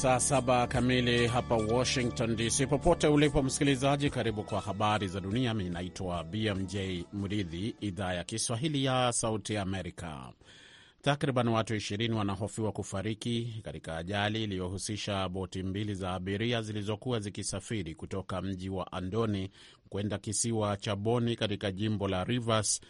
Saa saba kamili hapa Washington DC. Popote ulipo msikilizaji, karibu kwa habari za dunia. Mi naitwa BMJ Mridhi, idhaa ya Kiswahili ya Sauti Amerika. Takriban watu 20 wanahofiwa kufariki katika ajali iliyohusisha boti mbili za abiria zilizokuwa zikisafiri kutoka mji wa Andoni kwenda kisiwa cha Boni katika jimbo la Rivers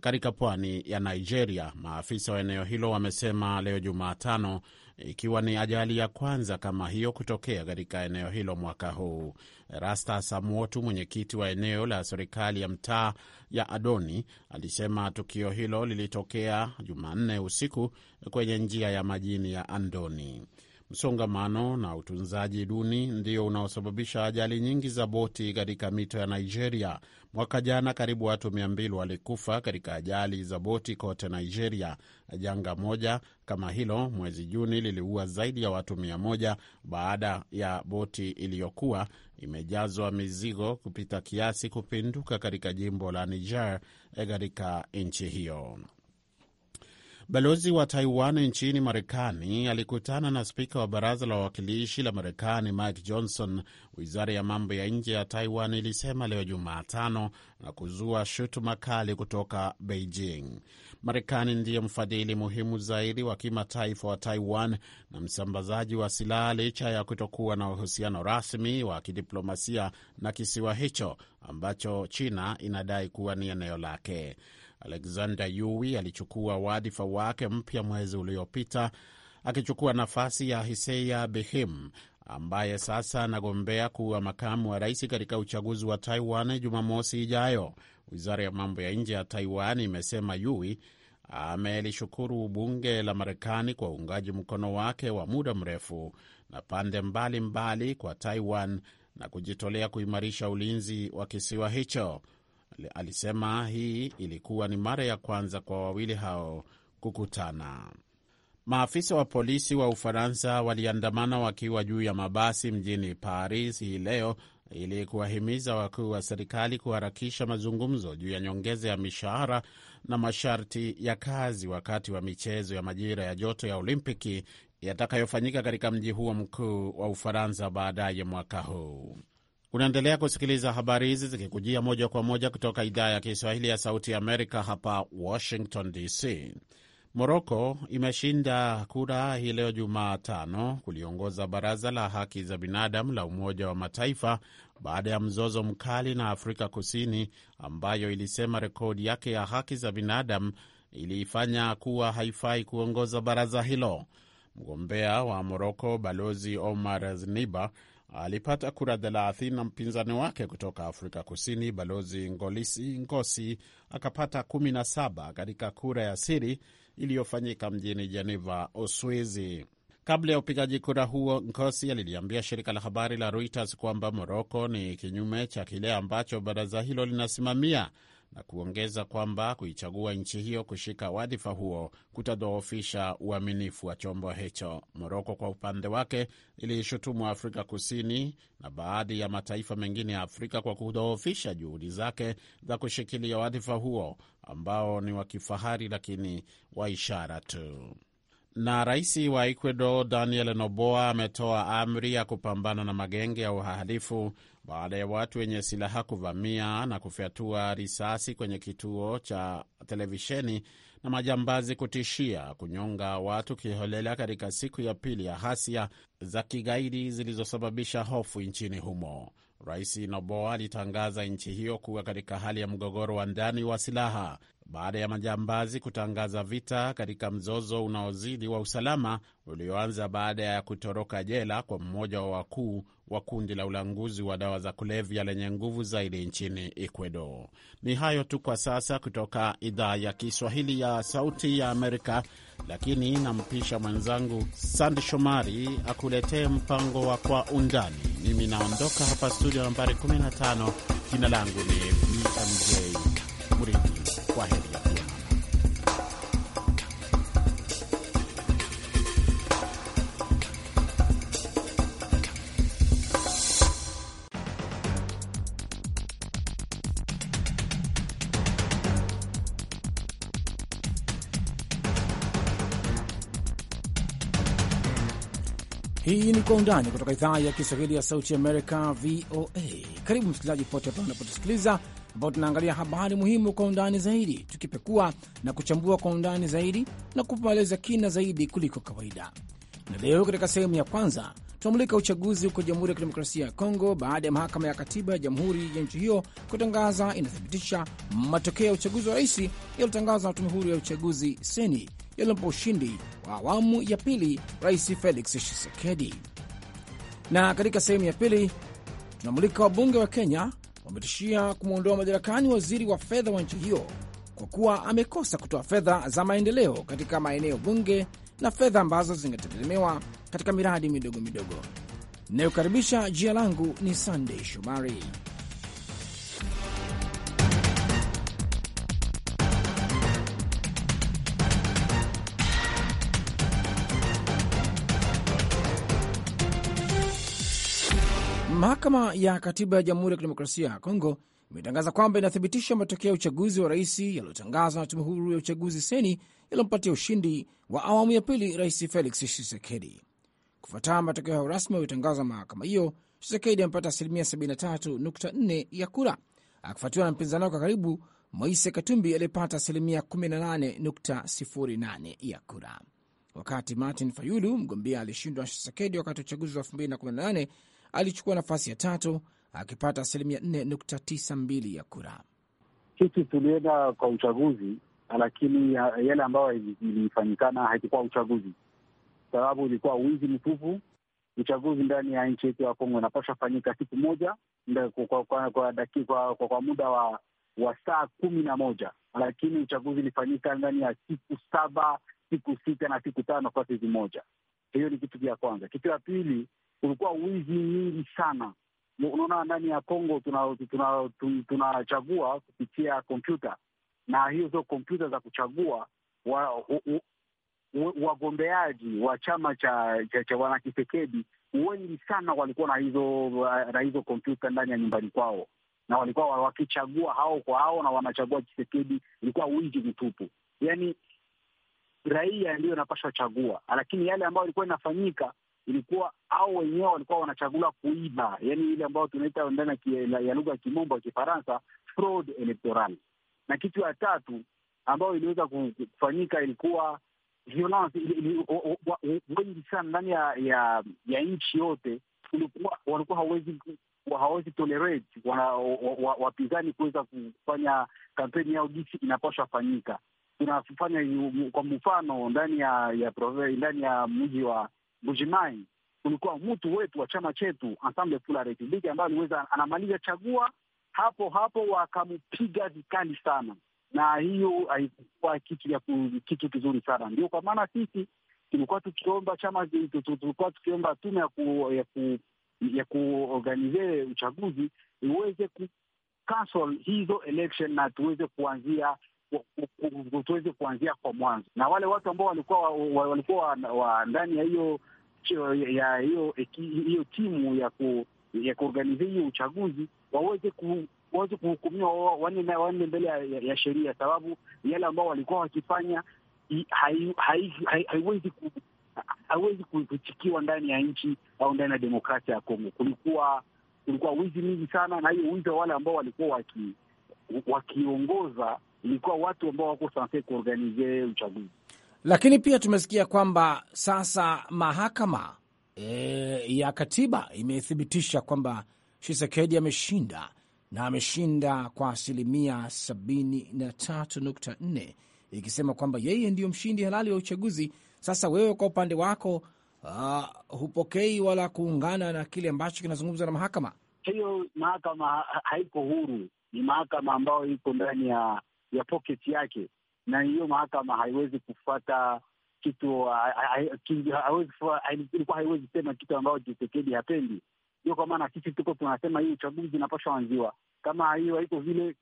katika pwani ya Nigeria. Maafisa wa eneo hilo wamesema leo Jumatano ikiwa ni ajali ya kwanza kama hiyo kutokea katika eneo hilo mwaka huu. Rasta Samuotu, mwenyekiti wa eneo la serikali ya mtaa ya Adoni, alisema tukio hilo lilitokea Jumanne usiku kwenye njia ya majini ya Andoni. Msongamano na utunzaji duni ndio unaosababisha ajali nyingi za boti katika mito ya Nigeria. Mwaka jana karibu watu 200 walikufa katika ajali za boti kote Nigeria. Janga moja kama hilo mwezi Juni liliua zaidi ya watu 100 baada ya boti iliyokuwa imejazwa mizigo kupita kiasi kupinduka katika jimbo la Niger eh, katika nchi hiyo. Balozi wa Taiwan nchini Marekani alikutana na spika wa baraza la wawakilishi la Marekani Mike Johnson, wizara ya mambo ya nje ya Taiwan ilisema leo Jumatano, na kuzua shutuma kali kutoka Beijing. Marekani ndiye mfadhili muhimu zaidi wa kimataifa wa Taiwan na msambazaji wa silaha, licha ya kutokuwa na uhusiano rasmi wa kidiplomasia na kisiwa hicho ambacho China inadai kuwa ni eneo lake. Alexander Yui alichukua wadhifa wake mpya mwezi uliopita akichukua nafasi ya Hiseya Bihim ambaye sasa anagombea kuwa makamu wa rais katika uchaguzi wa Taiwan Jumamosi ijayo. Wizara ya mambo ya nje ya Taiwan imesema Yui amelishukuru bunge la Marekani kwa uungaji mkono wake wa muda mrefu na pande mbalimbali mbali kwa Taiwan na kujitolea kuimarisha ulinzi wa kisiwa hicho. Alisema hii ilikuwa ni mara ya kwanza kwa wawili hao kukutana. Maafisa wa polisi wa Ufaransa waliandamana wakiwa juu ya mabasi mjini Paris hii leo ili kuwahimiza wakuu wa serikali kuharakisha mazungumzo juu ya nyongeza ya mishahara na masharti ya kazi wakati wa michezo ya majira ya joto ya Olimpiki yatakayofanyika katika mji huo mkuu wa Ufaransa baadaye mwaka huu. Unaendelea kusikiliza habari hizi zikikujia moja kwa moja kutoka idhaa ya Kiswahili ya Sauti ya Amerika hapa Washington DC. Moroko imeshinda kura hii leo Jumatano kuliongoza baraza la haki za binadamu la Umoja wa Mataifa baada ya mzozo mkali na Afrika Kusini ambayo ilisema rekodi yake ya haki za binadamu iliifanya kuwa haifai kuongoza baraza hilo. Mgombea wa Moroko Balozi Omar Zniba alipata kura 30 na mpinzani wake kutoka Afrika Kusini Balozi Ngolisi Ngosi akapata 17 katika kura ya siri iliyofanyika mjini Jeneva, Uswizi. Kabla ya upigaji kura huo, Nkosi aliliambia shirika la habari la Reuters kwamba Moroko ni kinyume cha kile ambacho baraza hilo linasimamia na kuongeza kwamba kuichagua nchi hiyo kushika wadhifa huo kutadhoofisha uaminifu wa chombo hicho. Moroko kwa upande wake ilishutumu Afrika Kusini na baadhi ya mataifa mengine ya Afrika kwa kudhoofisha juhudi zake za kushikilia wadhifa huo ambao ni wa kifahari, lakini wa ishara tu na rais wa Ecuador Daniel Noboa ametoa amri ya kupambana na magenge ya uhalifu baada ya watu wenye silaha kuvamia na kufyatua risasi kwenye kituo cha televisheni na majambazi kutishia kunyonga watu kiholela katika siku ya pili ya ghasia za kigaidi zilizosababisha hofu nchini humo. Rais Noboa alitangaza nchi hiyo kuwa katika hali ya mgogoro wa ndani wa silaha baada ya majambazi kutangaza vita katika mzozo unaozidi wa usalama ulioanza baada ya kutoroka jela kwa mmoja wa wakuu wa kundi la ulanguzi wa dawa za kulevya lenye nguvu zaidi nchini Ecuador. Ni hayo tu kwa sasa kutoka idhaa ya Kiswahili ya Sauti ya Amerika, lakini nampisha mwenzangu Sandi Shomari akuletee mpango wa Kwa Undani. Mimi naondoka hapa studio nambari 15. Jina langu ni kwa heri Hii ni Kwa Undani kutoka idhaa ya Kiswahili ya Sauti Amerika, VOA. Karibu msikilizaji pote pale unapotusikiliza ambapo tunaangalia habari muhimu kwa undani zaidi, tukipekua na kuchambua kwa undani zaidi na kupa maelezo kina zaidi kuliko kawaida. Na leo katika sehemu ya kwanza tunamulika uchaguzi huko Jamhuri ya Kidemokrasia ya Kongo baada ya mahakama ya katiba ya jamhuri ya nchi hiyo kutangaza inathibitisha matokeo ya uchaguzi wa rais yaliyotangazwa na tume huru ya uchaguzi seni yaliyompa ushindi wa awamu ya pili Rais Felix Tshisekedi. Na katika sehemu ya pili tunamulika wabunge wa Kenya wametishia kumwondoa madarakani waziri wa fedha wa nchi hiyo kwa kuwa amekosa kutoa fedha za maendeleo katika maeneo bunge na fedha ambazo zingetegemewa katika miradi midogo midogo. Inayokaribisha jina langu ni Sandey shomari Mahakama ya Katiba ya Jamhuri ya Kidemokrasia ya Kongo imetangaza kwamba inathibitisha matokeo ya uchaguzi wa rais yaliyotangazwa na tume huru ya uchaguzi seni yaliyompatia ushindi wa awamu ya pili Rais Felix Tshisekedi. Kufuataa matokeo hayo rasmi yaliyotangazwa mahakama hiyo, Tshisekedi amepata asilimia 73.4 ya kura, akifuatiwa na mpinzani wake wa karibu Moise Katumbi aliyepata asilimia 18.08 ya kura, wakati Martin Fayulu mgombea alishindwa Tshisekedi wakati wa uchaguzi wa 2018 alichukua nafasi ya tatu akipata asilimia 4.92 ya kura. Sisi tulienda kwa uchaguzi, lakini yale ambayo ilifanyikana haikuwa uchaguzi, sababu ilikuwa wizi mtupu. Uchaguzi ndani ya nchi yetu ya Kongo inapasha fanyika siku moja kwa, kwa, kwa, kwa, kwa, kwa muda wa, wa saa kumi na moja, lakini uchaguzi ilifanyika ndani ya siku saba, siku sita na siku tano kwa sezi moja. Hiyo ni kitu cha kwanza. Kitu ya pili kulikuwa wizi nyingi sana. Unaona, ndani ya Kongo tunachagua tuna, tuna, tuna kupitia kompyuta na hiyo hizo kompyuta za kuchagua wagombeaji wa, wagombeaji wa chama cha, cha, cha wanakisekedi wengi sana walikuwa na hizo na hizo kompyuta ndani ya nyumbani kwao, na walikuwa wakichagua hao kwa hao na wanachagua Chisekedi. Ilikuwa wingi mtupu, yani raia ndiyo inapashwa chagua, lakini yale ambayo ilikuwa inafanyika ilikuwa au wenyewe walikuwa wanachagula kuiba, yani ile ambayo tunaita ndani ya lugha ya kimombo ya Kifaransa fraud electoral. Na kitu ya tatu ambayo iliweza kufanyika ilikuwa violence wengi sana ndani ya ya, ya nchi yote ulikuwa walikuwa hawezi hawezi tolerate wapinzani kuweza kufanya kampeni yao jinsi inapaswa fanyika. Tunafanya kwa mfano ndani ya ya ndani ya mji wa Bujimai kulikuwa mtu wetu wa chama chetu Ensemble pour la Republique ambaye aliweza anamaliza chagua hapo hapo, wakampiga vikali sana, na hiyo haikuwa kitu ya kitu kizuri sana. Ndio kwa maana sisi tulikuwa tukiomba chama, tulikuwa tukiomba tume ya ku, ya ku, ya kuorganize uchaguzi iweze ku cancel hizo election na tuweze kuanzia tuweze kuanzia kwa mwanzo, na wale watu ambao walikuwa walikuwa wa ndani ya hiyo ya hiyo hiyo timu ya ku, ya kuorganize hiyo uchaguzi waweze ku waweze kuhukumiwa wanne wanne mbele ya, ya sheria, sababu yale ambao walikuwa wakifanya haiwezi hai, hai, hai ndani ya nchi au ndani ya demokrasia ya Kongo. Kulikuwa kulikuwa wizi mingi sana, na hiyo wizi wa wale ambao walikuwa waki, wakiongoza ilikuwa watu ambao wako sanse kuorganize uchaguzi. Lakini pia tumesikia kwamba sasa mahakama e, ya katiba imethibitisha kwamba Shisekedi ameshinda na ameshinda kwa asilimia 73.4 ikisema kwamba yeye ndiyo mshindi halali wa uchaguzi. Sasa wewe kwa upande wako uh, hupokei wala kuungana na kile ambacho kinazungumzwa na mahakama hiyo. Mahakama haiko huru, ni mahakama ambayo iko ndani ya ya pocket yake na hiyo mahakama haiwezi kufuata kitu ilikuwa haiwezi sema kitu ambayo Chisekedi hapendi. Ndio kwa maana sisi tuko tunasema hii uchaguzi inapashwa wanziwa. Kama hiyo haiko vile,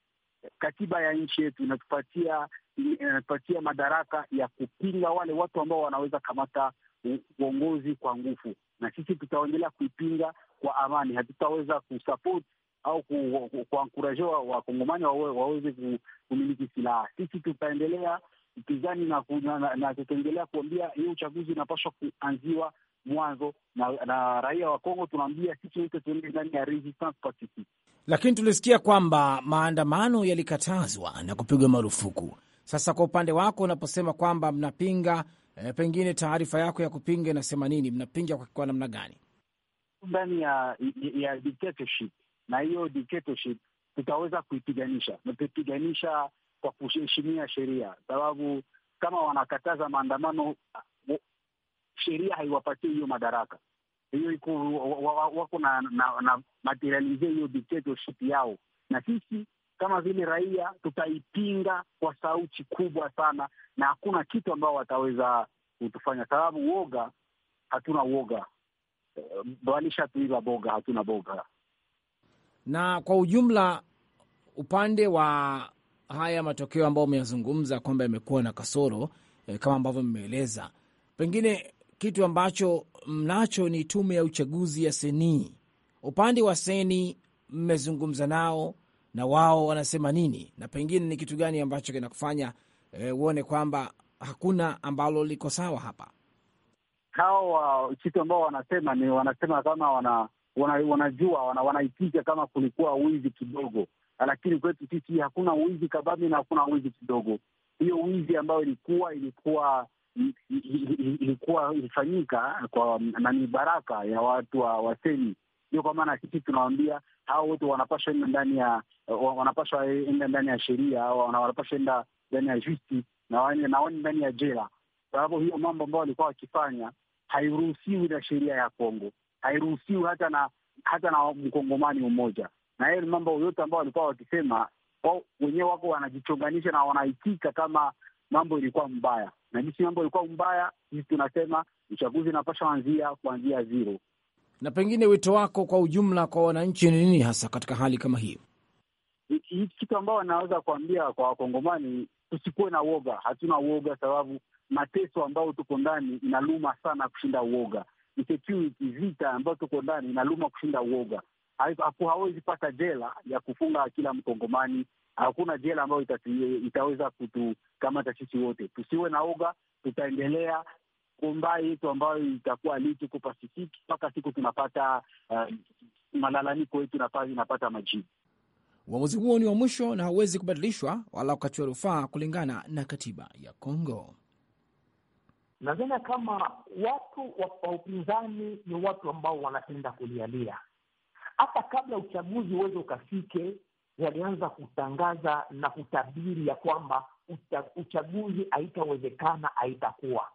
katiba ya nchi yetu inatupatia inatupatia madaraka ya kupinga wale watu ambao wanaweza kamata uongozi kwa nguvu, na sisi tutaendelea kuipinga kwa amani. Hatutaweza kusapoti au kuwankuraja wakongomani waweze kumiliki silaha. Sisi tutaendelea upinzani na, na, na tutaendelea kuambia hiyo uchaguzi unapaswa kuanziwa mwanzo na, na raia wa Kongo tunaambia sisi wote tuende ndani ya resistance Lakini tulisikia kwamba maandamano yalikatazwa na kupigwa marufuku. Sasa kwa upande wako unaposema kwamba mnapinga eh, pengine taarifa yako ya kupinga inasema nini? Mnapinga kwa namna gani ndani ya, ya dictatorship na hiyo dictatorship tutaweza kuipiganisha na tutaipiganisha kwa kuheshimia sheria, sababu kama wanakataza maandamano, sheria haiwapatii hiyo madaraka. Hiyo iko wako na, na, na materialize hiyo dictatorship yao, na sisi kama vile raia tutaipinga kwa sauti kubwa sana, na hakuna kitu ambao wataweza kutufanya, sababu woga, hatuna woga, balisha tuiva boga, hatuna boga. Na kwa ujumla upande wa haya matokeo ambayo umeyazungumza kwamba yamekuwa na kasoro eh, kama ambavyo mmeeleza, pengine kitu ambacho mnacho ni tume ya uchaguzi ya Seni. Upande wa Seni mmezungumza nao na wao wanasema nini, na pengine ni kitu gani ambacho kinakufanya eh, uone kwamba hakuna ambalo liko sawa hapa? Hao uh, kitu ambao wanasema ni wanasema kama wana wana, wanajua wana, wanaipiga kama kulikuwa wizi kidogo, lakini kwetu sisi hakuna wizi kabambi na hakuna wizi kidogo. Hiyo wizi ambayo ilikuwa ilikuwa ilikuwa ilifanyika kwa nani, baraka ya watu wa waseni. Ndio kwa maana sisi tunawambia hawa wote wanapasha enda ndani ya wanapasha enda ndani ya sheria, wanapasha enda ndani ya justice na waende ndani ya jela, sababu hiyo mambo ambayo walikuwa wakifanya hairuhusiwi na sheria ya Kongo hairuhusiwi hata na hata na mkongomani mmoja. Na yeye ni mambo yote ambayo walikuwa wakisema wao wenyewe, wako wanajichonganisha na wanaitika kama mambo ilikuwa mbaya, na jinsi mambo ilikuwa mbaya, sisi tunasema uchaguzi unapasha anzia kuanzia zero. Na pengine wito wako kwa ujumla kwa wananchi ni nini hasa katika hali kama hii? Hii kitu ambayo wanaweza kuambia kwa Wakongomani, tusikuwe na uoga. Hatuna uoga sababu mateso ambayo tuko ndani inaluma sana kushinda uoga insecurity, vita ambayo tuko ndani inaluma kushinda uoga. Hawezi pata jela ya kufunga kila Mkongomani, hakuna jela ambayo itaweza kutukamata sisi wote. Tusiwe na oga, tutaendelea kumbai yetu ambayo itakuwa litu kupasifiki mpaka siku tunapata uh, malalamiko yetu inapata majibu. Uamuzi huo ni wa mwisho na hauwezi kubadilishwa wala kukatiwa rufaa kulingana na katiba ya Kongo. Nadhani kama watu wa upinzani ni watu ambao wanapenda kulialia. Hata kabla uchaguzi uweze ukafike, walianza kutangaza na kutabiri ya kwamba uchaguzi haitawezekana, haitakuwa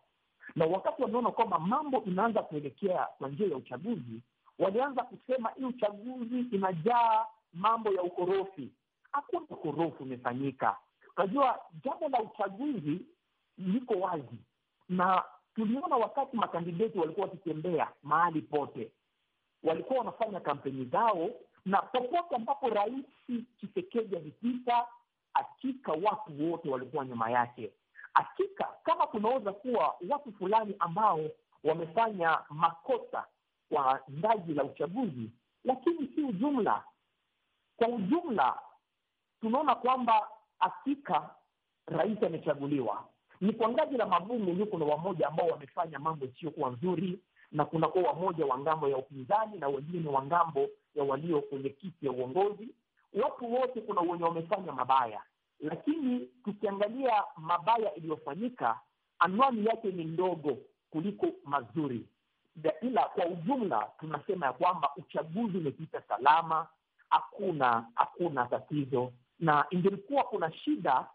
na wakati wameona kwamba mambo inaanza kuelekea kwa njia ya uchaguzi, walianza kusema hii uchaguzi inajaa mambo ya ukorofi. Hakuna ukorofi umefanyika. Unajua, jambo la uchaguzi liko wazi, na tuliona wakati makandideti walikuwa wakitembea mahali pote, walikuwa wanafanya kampeni zao, na popote ambapo Rais Tshisekedi alipita, hakika watu wote walikuwa nyuma yake. Hakika kama kunaweza kuwa watu fulani ambao wamefanya makosa kwa ndaji la uchaguzi, lakini si ujumla. Kwa ujumla, tunaona kwamba hakika rais amechaguliwa ni kwa ngazi la mabunge ndio kuna wamoja ambao wamefanya mambo isiyokuwa nzuri, na kuna kuwa wamoja wa ngambo ya upinzani na wengine wa ngambo ya walio kwenye kiti ya uongozi. Watu wote kuna wenye wamefanya mabaya, lakini tukiangalia mabaya iliyofanyika, anwani yake ni ndogo kuliko mazuri, ila kwa ujumla tunasema ya kwamba uchaguzi umepita salama, hakuna hakuna tatizo, na ingelikuwa kuna shida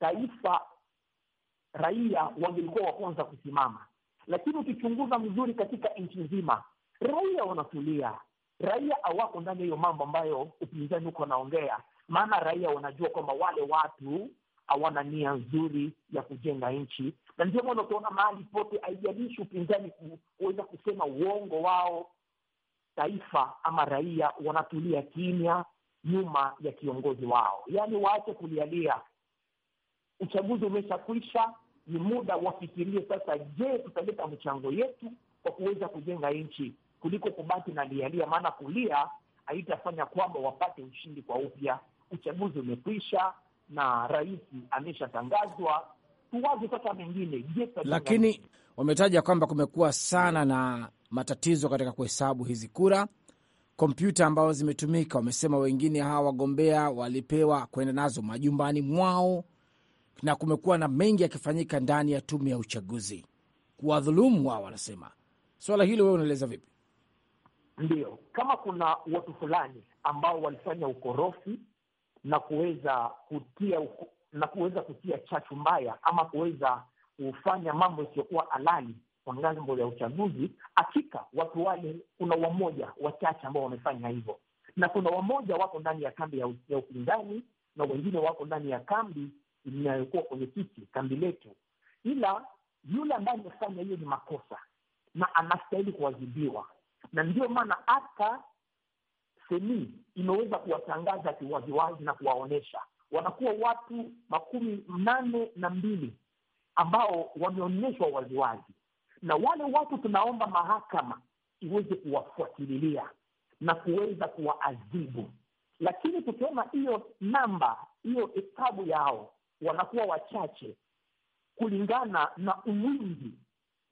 taifa raia wangelikuwa wa kwanza kusimama, lakini ukichunguza mzuri katika nchi nzima, raia wanatulia, raia hawako ndani ya hiyo mambo ambayo upinzani huko anaongea maana raia wanajua kwamba wale watu hawana nia nzuri ya kujenga nchi, na ndio maana utaona mahali pote, haijalishi upinzani kuweza kusema uongo wao, taifa ama raia wanatulia kimya nyuma ya kiongozi wao. Yaani waache kulialia, uchaguzi umeshakwisha, ni muda wafikirie sasa, je, tutaleta mchango yetu kwa kuweza kujenga nchi kuliko kubaki na lialia, maana kulia haitafanya kwamba wapate ushindi kwa upya. Uchaguzi umekwisha na rais ameshatangazwa, tuwaze sasa mengine. Je, lakini wametaja kwamba kumekuwa sana na matatizo katika kuhesabu hizi kura, kompyuta ambazo zimetumika, wamesema wengine hawa wagombea walipewa kwenda nazo majumbani mwao na kumekuwa na mengi yakifanyika ndani ya tume ya uchaguzi kuwadhulumu wao, wanasema swala hilo. Wewe unaeleza vipi? ndio kama kuna watu fulani ambao walifanya ukorofi na kuweza kutia na kuweza kutia chachu mbaya ama kuweza kufanya mambo isiyokuwa halali kwa ngambo ya uchaguzi, hakika watu wale, kuna wamoja wachache ambao wamefanya hivyo, na kuna wamoja wako ndani ya kambi ya upinzani na wengine wako ndani ya kambi inayokuwa kwenye sisi kambi letu, ila yule ambaye amefanya hiyo ni makosa na anastahili kuwazibiwa, na ndiyo maana hata semi imeweza kuwatangaza kiwaziwazi na kuwaonyesha wanakuwa watu makumi nane na mbili ambao wameonyeshwa waziwazi, na wale watu tunaomba mahakama iweze kuwafuatililia na kuweza kuwaadhibu. Lakini tukiona hiyo namba hiyo hesabu yao wanakuwa wachache kulingana na uwingi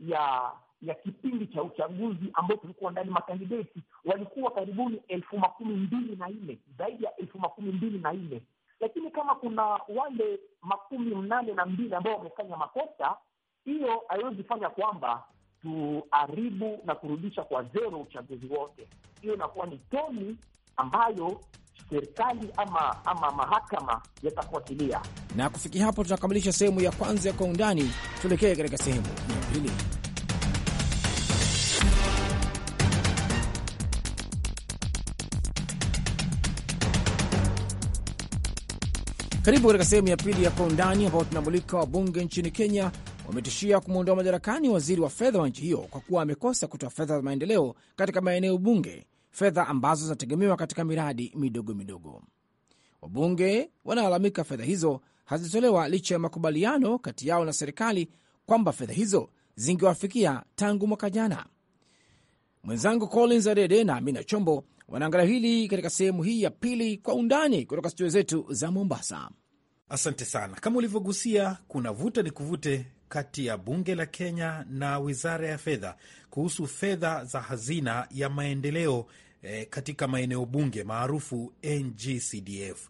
ya ya kipindi cha uchaguzi ambao tulikuwa ndani. Makandideti walikuwa karibuni elfu makumi mbili na nne zaidi ya elfu makumi mbili na nne lakini kama kuna wale makumi mnane na mbili ambao wamefanya makosa, hiyo haiwezi fanya kwamba tuharibu na kurudisha kwa zero uchaguzi wote. Hiyo inakuwa ni toni ambayo serikali ama, ama mahakama yatafuatilia. Na kufikia hapo, tunakamilisha sehemu ya kwanza ya kwa undani. Tuelekee katika sehemu ya pili. Karibu katika sehemu ya pili ya kwa undani, ambapo tunamulika wabunge nchini Kenya wametishia kumwondoa madarakani waziri wa fedha wa nchi hiyo kwa kuwa amekosa kutoa fedha za maendeleo katika maeneo bunge fedha ambazo zinategemewa katika miradi midogo midogo. Wabunge wanalalamika fedha hizo hazitolewa licha ya makubaliano kati yao na serikali kwamba fedha hizo zingewafikia tangu mwaka jana. Mwenzangu Collins Adede na Amina Chombo wanaangalia hili katika sehemu hii ya pili kwa undani kutoka studio zetu za Mombasa. Asante sana. Kama ulivyogusia, kuna vuta ni kuvute kati ya bunge la Kenya na wizara ya fedha kuhusu fedha za hazina ya maendeleo eh, katika maeneo bunge maarufu NGCDF.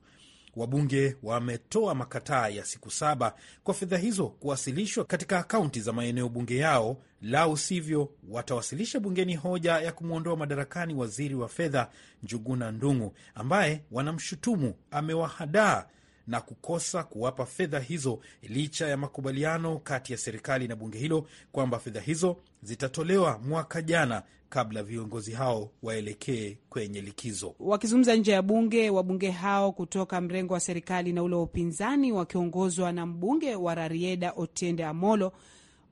Wabunge wametoa makataa ya siku saba kwa fedha hizo kuwasilishwa katika akaunti za maeneo bunge yao, lau sivyo watawasilisha bungeni hoja ya kumwondoa madarakani waziri wa fedha Njuguna Ndung'u ambaye wanamshutumu amewahadaa na kukosa kuwapa fedha hizo licha ya makubaliano kati ya serikali na bunge hilo kwamba fedha hizo zitatolewa mwaka jana kabla viongozi hao waelekee kwenye likizo. Wakizungumza nje ya bunge, wabunge hao kutoka mrengo wa serikali na ule wa upinzani wakiongozwa na mbunge wa Rarieda Otiende Amolo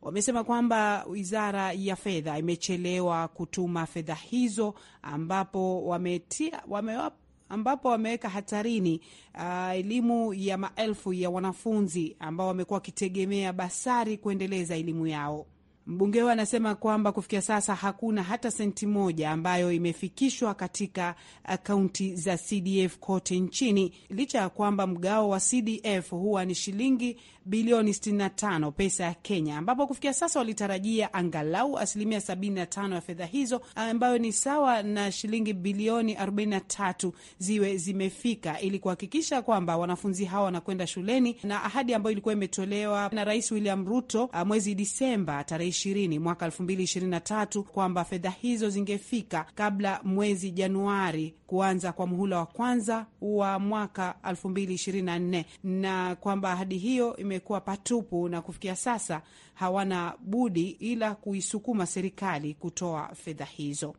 wamesema kwamba wizara ya fedha imechelewa kutuma fedha hizo, ambapo wametia wamewapa ambapo wameweka hatarini uh, elimu ya maelfu ya wanafunzi ambao wamekuwa wakitegemea basari kuendeleza elimu yao. Mbunge huyo anasema kwamba kufikia sasa hakuna hata senti moja ambayo imefikishwa katika akaunti uh, za CDF kote nchini, licha ya kwamba mgao wa CDF huwa ni shilingi bilioni 65 pesa ya Kenya, ambapo kufikia sasa walitarajia angalau asilimia 75 ya fedha hizo uh, ambayo ni sawa na shilingi bilioni 43 ziwe zimefika ili kuhakikisha kwamba wanafunzi hawa wanakwenda shuleni, na ahadi ambayo ilikuwa imetolewa na Rais William Ruto uh, mwezi Disemba tarehe ishirini mwaka elfu mbili ishirini na tatu kwamba fedha hizo zingefika kabla mwezi Januari kuanza kwa muhula wa kwanza wa mwaka elfu mbili ishirini na nne na kwamba ahadi hiyo imekuwa patupu na kufikia sasa hawana budi ila kuisukuma serikali kutoa fedha hizo.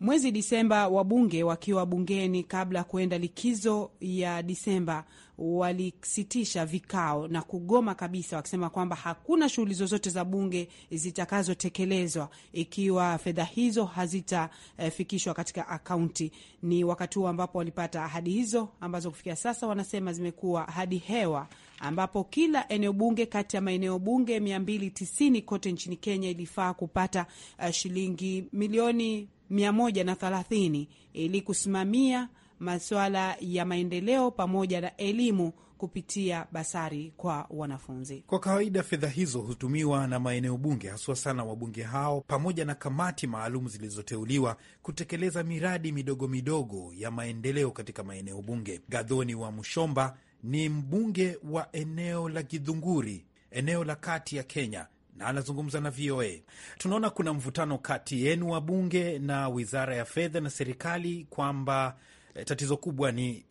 Mwezi Disemba, wabunge wakiwa bungeni kabla ya kuenda likizo ya Disemba walisitisha vikao na kugoma kabisa, wakisema kwamba hakuna shughuli zozote za bunge zitakazotekelezwa ikiwa fedha hizo hazitafikishwa katika akaunti. Ni wakati huo ambapo walipata ahadi hizo ambazo kufikia sasa wanasema zimekuwa hadi hewa, ambapo kila eneo bunge kati ya maeneo bunge 290 kote nchini Kenya ilifaa kupata eh, shilingi milioni 130 ili kusimamia masuala ya maendeleo pamoja na elimu kupitia basari kwa wanafunzi. Kwa kawaida fedha hizo hutumiwa na maeneo bunge, haswa sana wabunge hao pamoja na kamati maalum zilizoteuliwa kutekeleza miradi midogo midogo ya maendeleo katika maeneo bunge. Gadhoni wa Mshomba ni mbunge wa eneo la Githunguri, eneo la kati ya Kenya, na anazungumza na VOA. Tunaona kuna mvutano kati yenu wabunge na wizara ya fedha na serikali kwamba Eh, tatizo kubwa ni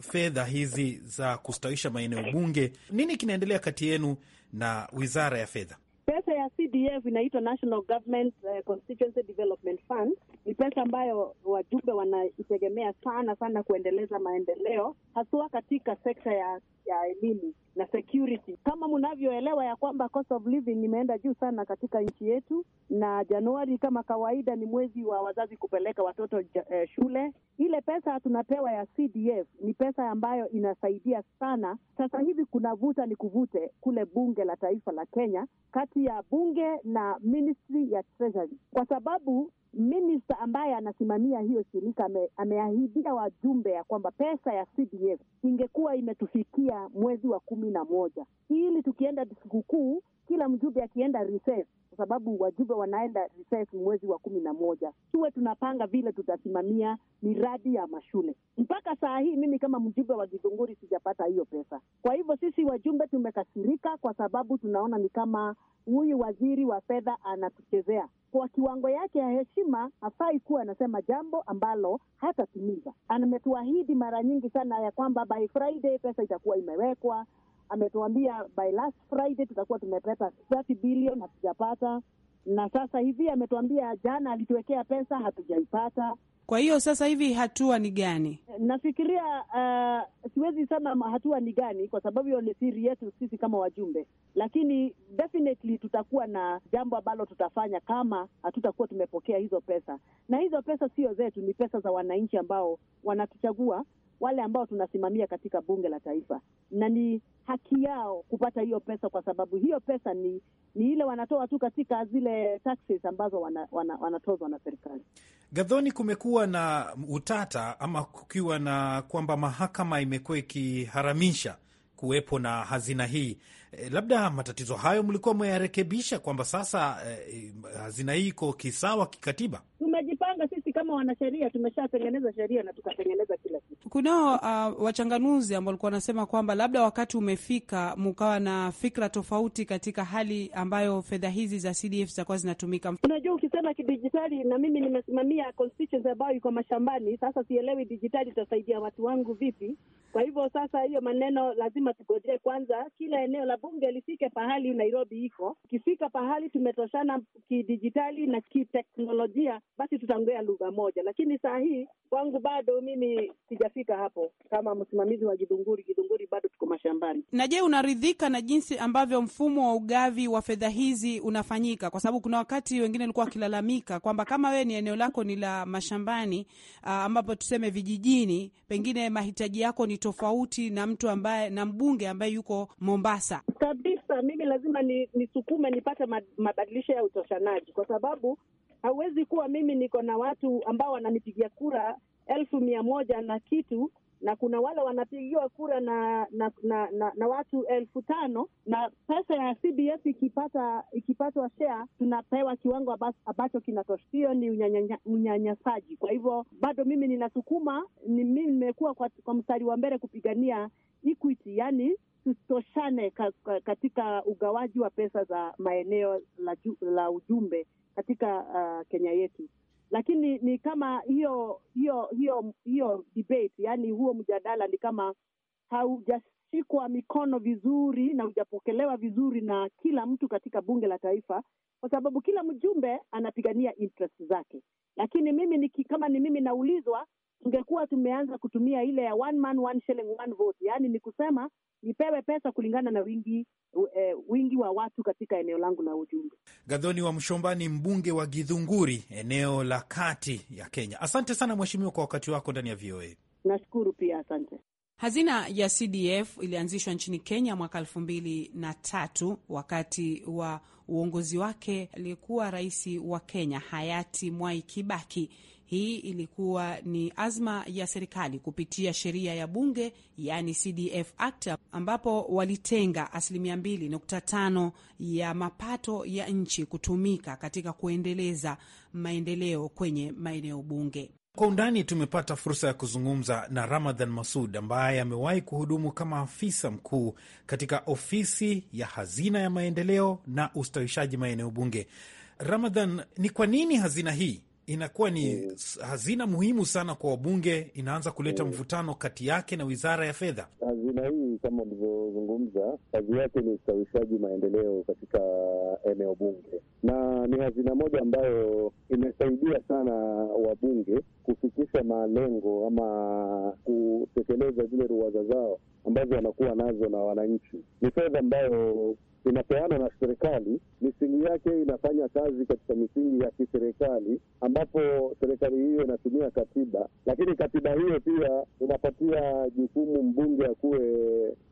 fedha hizi za kustawisha maeneo bunge. Nini kinaendelea kati yenu na wizara ya fedha? Pesa ya CDF inaitwa National Government eh, Constituency Development Fund. Ni pesa ambayo wajumbe wanaitegemea sana sana kuendeleza maendeleo, haswa katika sekta ya, ya elimu na security. Kama mnavyoelewa ya kwamba cost of living imeenda juu sana katika nchi yetu, na Januari kama kawaida ni mwezi wa wazazi kupeleka watoto eh, shule. Ile pesa tunapewa ya CDF ni pesa ambayo inasaidia sana. Sasa hivi kuna vuta ni kuvute kule bunge la taifa la Kenya kati ya bunge na ministry ya treasury, kwa sababu minista ambaye anasimamia hiyo shirika ame, ameahidia wajumbe ya kwamba pesa ya CDF ingekuwa imetufikia mwezi wa kumi na moja ili tukienda sikukuu kila mjumbe akienda recess, kwa sababu wajumbe wanaenda recess mwezi wa kumi na moja, tuwe tunapanga vile tutasimamia miradi ya mashule. Mpaka saa hii mimi kama mjumbe wa Githunguri sijapata hiyo pesa. Kwa hivyo sisi wajumbe tumekasirika, kwa sababu tunaona ni kama huyu waziri wa fedha anatuchezea kwa kiwango yake ya heshima. Hafai kuwa anasema jambo ambalo hatatimiza. Ametuahidi mara nyingi sana ya kwamba by Friday pesa itakuwa imewekwa ametuambia by last Friday tutakuwa tumepata 30 billion, hatujapata. Na sasa hivi ametuambia jana alituwekea pesa, hatujaipata. Kwa hiyo sasa hivi hatua ni gani? Nafikiria uh, siwezi sema hatua ni gani, kwa sababu hiyo ni siri yetu sisi kama wajumbe, lakini definitely tutakuwa na jambo ambalo tutafanya kama hatutakuwa tumepokea hizo pesa, na hizo pesa sio zetu, ni pesa za wananchi ambao wanatuchagua wale ambao tunasimamia katika bunge la taifa, na ni haki yao kupata hiyo pesa, kwa sababu hiyo pesa ni ni ile wanatoa tu katika zile taxes ambazo wana, wana, wanatozwa na serikali. Gadhoni, kumekuwa na utata ama kukiwa na kwamba mahakama imekuwa ikiharamisha kuwepo na hazina hii e, labda matatizo hayo mlikuwa mmeyarekebisha kwamba sasa e, hazina hii iko kisawa kikatiba? Tumejipa kama wanasheria tumeshatengeneza sheria na tukatengeneza kila kitu. Kunao uh, wachanganuzi ambao walikuwa wanasema kwamba labda wakati umefika mukawa na fikra tofauti katika hali ambayo fedha hizi za CDF zitakuwa zinatumika. Unajua, ukisema kidijitali, na mimi nimesimamia constituency ambayo iko mashambani. Sasa sielewi dijitali itasaidia watu wangu vipi? Kwa hivyo sasa, hiyo maneno lazima tugojee kwanza, kila eneo la bunge lifike pahali Nairobi iko. Ikifika pahali tumetoshana kidijitali na kiteknolojia, basi tutaongea lugha moja, lakini saa hii kwangu bado mimi sijafika hapo kama msimamizi wa Githunguri. Githunguri bado tuko mashambani. Na je, unaridhika na jinsi ambavyo mfumo wa ugavi wa fedha hizi unafanyika? Kwa sababu kuna wakati wengine walikuwa wakilalamika kwamba kama wewe ni eneo lako ni la mashambani, ah, ambapo tuseme vijijini, pengine mahitaji yako ni tofauti na mtu ambaye na mbunge ambaye yuko Mombasa kabisa. Mimi lazima nisukume ni nipate mabadilisho ya utoshanaji, kwa sababu hauwezi kuwa mimi niko na watu ambao wananipigia kura elfu mia moja na kitu na kuna wale wanapigiwa kura na na, na na na watu elfu tano na pesa ya CBS ikipata ikipatwa share tunapewa kiwango ambacho kinatosha. Hiyo ni unyanyasaji. Kwa hivyo bado mimi ninasukuma ni, mimi nimekuwa kwa, kwa mstari wa mbele kupigania equity, yani tutoshane ka, ka, katika ugawaji wa pesa za maeneo la, la ujumbe katika uh, Kenya yetu lakini ni kama hiyo hiyo hiyo hiyo debate, yani huo mjadala ni kama haujashikwa mikono vizuri na hujapokelewa vizuri na kila mtu katika bunge la taifa, kwa sababu kila mjumbe anapigania interest zake. Lakini mimi ni, kama ni mimi naulizwa tungekuwa tumeanza kutumia ile ya one man one shilling one vote, yaani ni kusema nipewe pesa kulingana na wingi eh, wingi wa watu katika eneo langu la ujumbe. Gadhoni wa Mshomba ni mbunge wa Githunguri, eneo la kati ya Kenya. Asante sana mheshimiwa kwa wakati wako ndani ya VOA. Nashukuru pia, asante. Hazina ya CDF ilianzishwa nchini Kenya mwaka elfu mbili na tatu wakati wa uongozi wake aliyekuwa rais wa Kenya hayati Mwai Kibaki. Hii ilikuwa ni azma ya serikali kupitia sheria ya bunge, yani CDF Act, ambapo walitenga asilimia tano ya mapato ya nchi kutumika katika kuendeleza maendeleo kwenye maeneo bunge. Kwa undani tumepata fursa ya kuzungumza na Ramadhan Masud ambaye amewahi kuhudumu kama afisa mkuu katika ofisi ya hazina ya maendeleo na ustawishaji maeneo bunge. Ramadhan, ni kwa nini hazina hii inakuwa ni mm. hazina muhimu sana kwa wabunge, inaanza kuleta mm. mvutano kati yake na wizara ya fedha. Hazina hii kama ulivyozungumza, kazi yake ni ustawishaji maendeleo katika eneo bunge, na ni hazina moja ambayo imesaidia sana wabunge kufikisha malengo ama kutekeleza zile ruwaza zao ambazo wanakuwa nazo na wananchi. Ni fedha ambayo inapeana na serikali, misingi yake inafanya kazi katika misingi ya kiserikali, ambapo serikali hiyo inatumia katiba, lakini katiba hiyo pia inapatia jukumu mbunge akuwe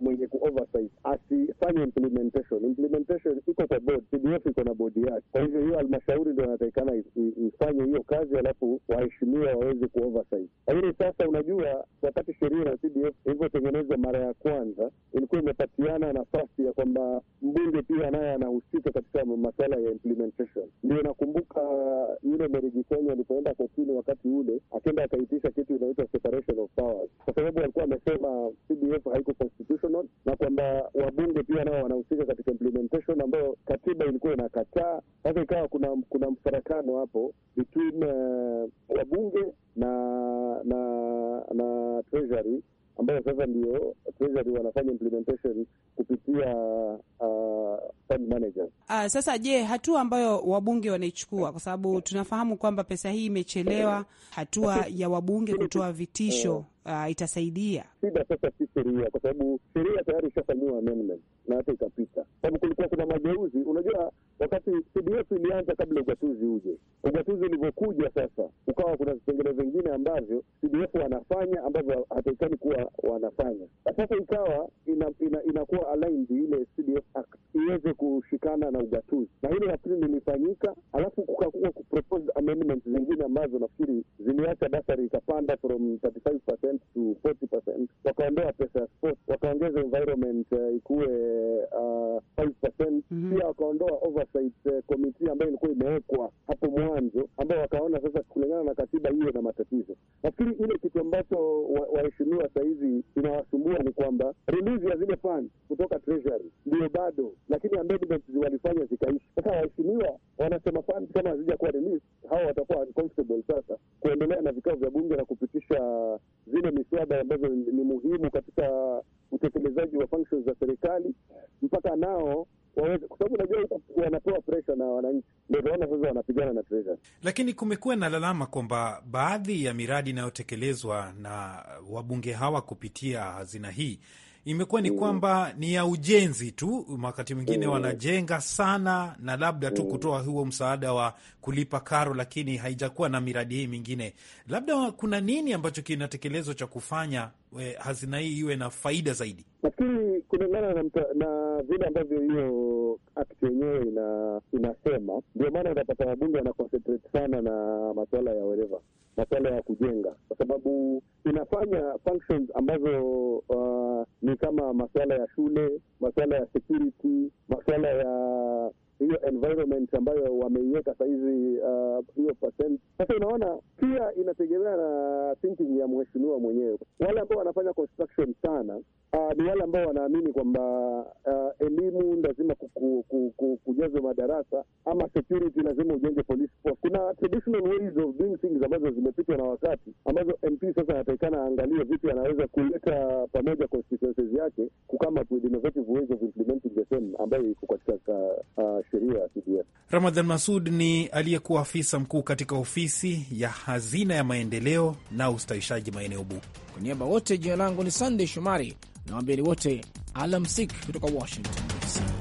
mwenye ku oversight, asifanye implementation. Implementation iko kwa board, CDF iko na bodi yake. Kwa hivyo hiyo halmashauri ndio inatakikana ifanye hiyo kazi, alafu waheshimiwa waweze ku oversight. Lakini sasa, unajua wakati sheria na CDF ilivyotengenezwa mara ya kwanza ilikuwa imepatiana nafasi ya kwamba mbunge pia naye anahusika katika masuala ya implementation. Ndio nakumbuka uh, yule Mary alipoenda kotini wakati ule, akenda akaitisha kitu inaitwa separation of powers, kwa sababu alikuwa amesema CDF haiko constitutional na kwamba wabunge pia nao wanahusika katika implementation ambayo katiba ilikuwa inakataa. Sasa ikawa kuna kuna mfarakano hapo between uh, wabunge na na na treasury ambayo sasa ndio treasury wanafanya implementation kupitia uh, fund managers. Uh, sasa je, hatua ambayo wabunge wanaichukua, kwa sababu tunafahamu kwamba pesa hii imechelewa, hatua ya wabunge kutoa vitisho uh, itasaidia? Shida sasa si sheria, kwa sababu sheria tayari ishafanyiwa amendment na hata ikapita, sababu kulikuwa kuna mageuzi, unajua wakati CDF ilianza kabla ugatuzi uje. Ugatuzi ulivyokuja sasa, ukawa kuna vipengele vingine ambavyo CDF wanafanya ambavyo hataikani kuwa wanafanya. Sasa ikawa inakuwa ina, ina aligned ile CDF Act iweze kushikana na ugatuzi, na hilo nafikiri lilifanyika. Alafu kukakuwa kuproposed amendments zingine ambazo nafikiri ziliacha basari ikapanda from 35% to 40%, wakaondoa pesa ya sport, wakaongeza environment uh, ikuwe uh, 5%. Mm -hmm. Pia wakaondoa over oversight eh, committee ambayo ilikuwa imewekwa hapo mwanzo, ambao wakaona sasa kulingana na katiba hiyo na matatizo. Nafikiri ile kitu ambacho waheshimiwa wa sahizi inawasumbua ni kwamba release ya zile funds kutoka treasury ndio bado, lakini amendment walifanya zikaishi. Sasa waheshimiwa wanasema funds kama kuwa release, hawa watakuwa uncomfortable sasa kuendelea na vikao vya bunge na kupitisha zile miswada ambazo ni muhimu katika utekelezaji wa functions za serikali mpaka nao kwa sababu unajua wanapewa pressure na wananchi, ndio naona sasa wanapigana na pressure. Lakini kumekuwa na lalama kwamba baadhi ya miradi inayotekelezwa na wabunge hawa kupitia hazina hii imekuwa ni mm. kwamba ni ya ujenzi tu, wakati mwingine mm. wanajenga sana na labda tu mm. kutoa huo msaada wa kulipa karo, lakini haijakuwa na miradi hii mingine. Labda kuna nini ambacho kinatekelezwa cha kufanya we, eh, hazina hii iwe na faida zaidi? Nafikiri kulingana na, na vile ambavyo hiyo akti yenyewe ina, inasema, ndio maana utapata wabunge wana sana na masuala ya wereva masuala ya kujenga, kwa sababu inafanya functions ambazo uh, ni kama masuala ya shule, masuala ya security, masuala ya hiyo environment ambayo wameiweka sahizi uh, hiyo uh, percent. Sasa unaona, pia inategemea na thinking ya mheshimiwa mwenyewe. Wale ambao wanafanya construction sana Uh, ni wale ambao wanaamini kwamba uh, elimu lazima kujazwa madarasa ama security lazima ujenge police force. Kuna traditional ways of doing things ambazo zimepitwa na wakati, ambazo MP sasa anatakikana aangalie vipi anaweza kuleta pamoja constituencies yake kukama with innovative ways of implementing the same ambayo iko katika uh, sheria ya CDF. Ramadhan Masud ni aliyekuwa afisa mkuu katika ofisi ya hazina ya maendeleo na ustawishaji maeneo bu. Kwa niaba wote, jina langu ni Sunday Shomari na Nawambieni wote alamsik kutoka Washington DC.